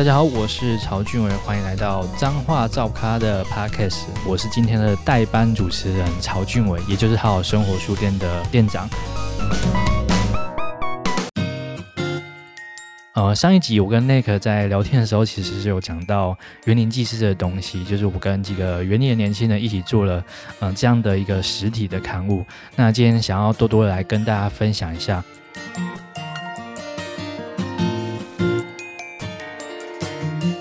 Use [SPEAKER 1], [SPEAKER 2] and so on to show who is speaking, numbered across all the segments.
[SPEAKER 1] 大家好，我是曹竣瑋，歡迎來到彰話噪咖的 podcast。我是今天的代班主持人曹竣瑋，也就是好好生活書店的店長。呃、嗯嗯嗯，上一集我跟 Nick 在聊天的時候，其實是有講到員林紀事的東西，就是我跟幾個員林的年輕人一起做了呃、嗯、這樣的一個實體的刊物。那今天想要多多來跟大家分享一下。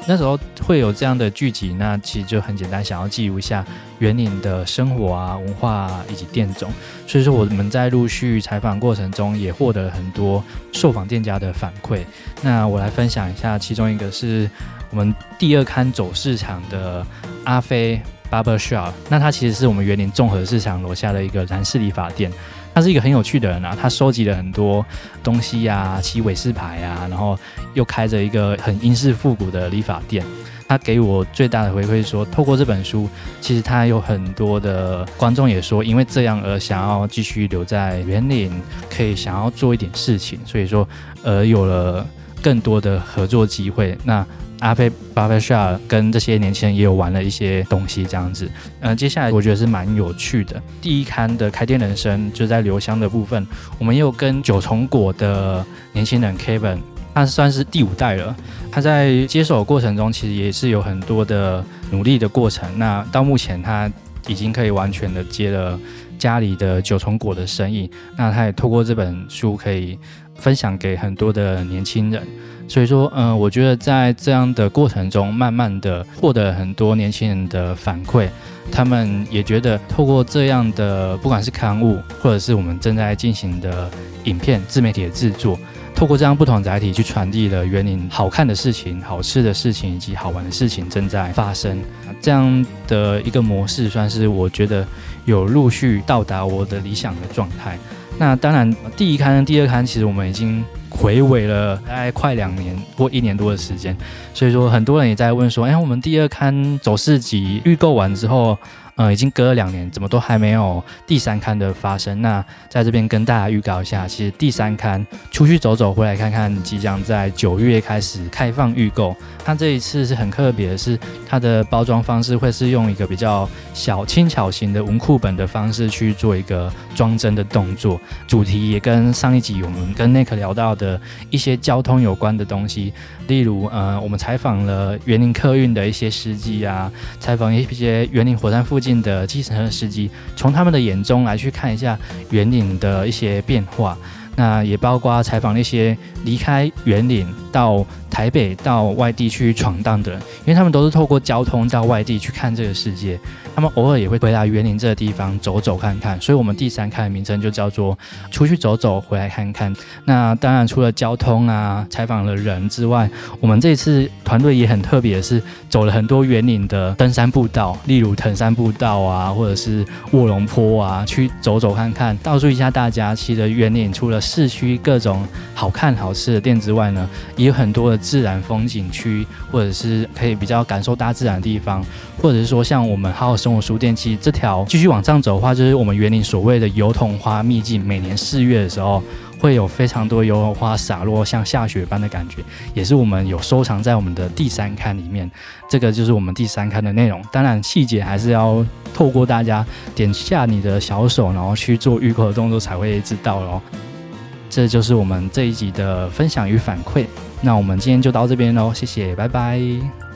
[SPEAKER 1] 那時候會有這樣的聚集，那其實就很簡單，想要記錄一下員林的生活啊、文化啊，以及店種。所以說我們在陸續採訪過程中也獲得了很多受訪店家的反饋。那我來分享一下，其中一個是我們第二刊走市場的阿飛 Barber Shop，那他其實是我們員林綜合市場樓下的一個男士理髮店。他是一個很有趣的人啊，他收集了很多東西呀、啊，騎偉士牌啊，然後又開着一個很英式復古的理髮店。他給我最大的回饋是說，透過這本書，其實他有很多的觀眾也說，因為這樣而想要繼續留在員林，可以想要做一點事情，所以說，而、呃、有了更多的合作機會。那。阿貝巴貝希跟這些年輕人也有玩了一些東西，這樣子。嗯、呃，接下來我覺得是蠻有趣的。第一刊的開店人生，就在留香的部分，我們又跟九重果的年輕人 Kevin，他算是第五代了。他在接手的過程中，其實也是有很多的努力的過程。那到目前，他已經可以完全的接了家裡的九重果的生意。那他也透過這本書可以。分享給很多的年輕人，所以說，嗯、呃，我覺得在這樣的過程中，慢慢地獲得很多年輕人的反饋，他們也覺得透過這樣的，不管是刊物，或者是我們正在進行的影片、自媒體的製作，透過這樣不同載體去傳遞了員林好看的事情、好吃的事情以及好玩的事情正在發生，這樣的一個模式，算是我覺得有陸續到達我的理想的狀態。那當然，第一刊、第二刊其實我們已經睽違了，大概快兩年、或一年多的時間，所以說很多人也在問說，哎、欸，我們第二刊走市集預購完之後。呃、嗯，已經隔了兩年，怎麼都還沒有第三刊的發生。那在這邊跟大家預告一下，其實第三刊出去走走，回來看看，即將在九月開始開放預購。它這一次是很特別的是，是它的包裝方式會是用一個比較小輕巧型的文庫本的方式去做一個裝幀的動作。主題也跟上一集我們跟 Nick 聊到的一些交通有關的東西，例如，呃，我們採訪了員林客運的一些司機啊，採訪一些員林火車站附近的計程車司機，從他們的眼中來去看一下員林的一些變化，那也包括採訪那些離開員林到。台北到外地去闖蕩的人，因為他們都是透過交通到外地去看這個世界，他們偶爾也會回來員林這個地方走走看看。所以，我們第三看的名稱就叫做“出去走走，回來看看”。那當然，除了交通啊、採訪了人之外，我們這次團隊也很特別的是走了很多員林的登山步道，例如藤山步道啊，或者是臥龍坡啊，去走走看看，告訴一下大家，其實員林除了市區各種好看好吃的店之外呢，也有很多的。自然風景區，或者是可以比較感受大自然的地方，或者是說像我們好好生活書店，其實這條繼續往上走的話，就是我們員林所謂的油桐花秘境。每年四月的時候，會有非常多油桐花灑落，像下雪般的感覺，也是我們有收藏在我們的第三刊裡面。這個就是我們第三刊的內容。當然，細節還是要透過大家點下你的小手，然後去做預購的動作，才會知道咯這就是我們這一集的分享與反饋。那我們今天就到這邊嘍，謝謝，拜拜。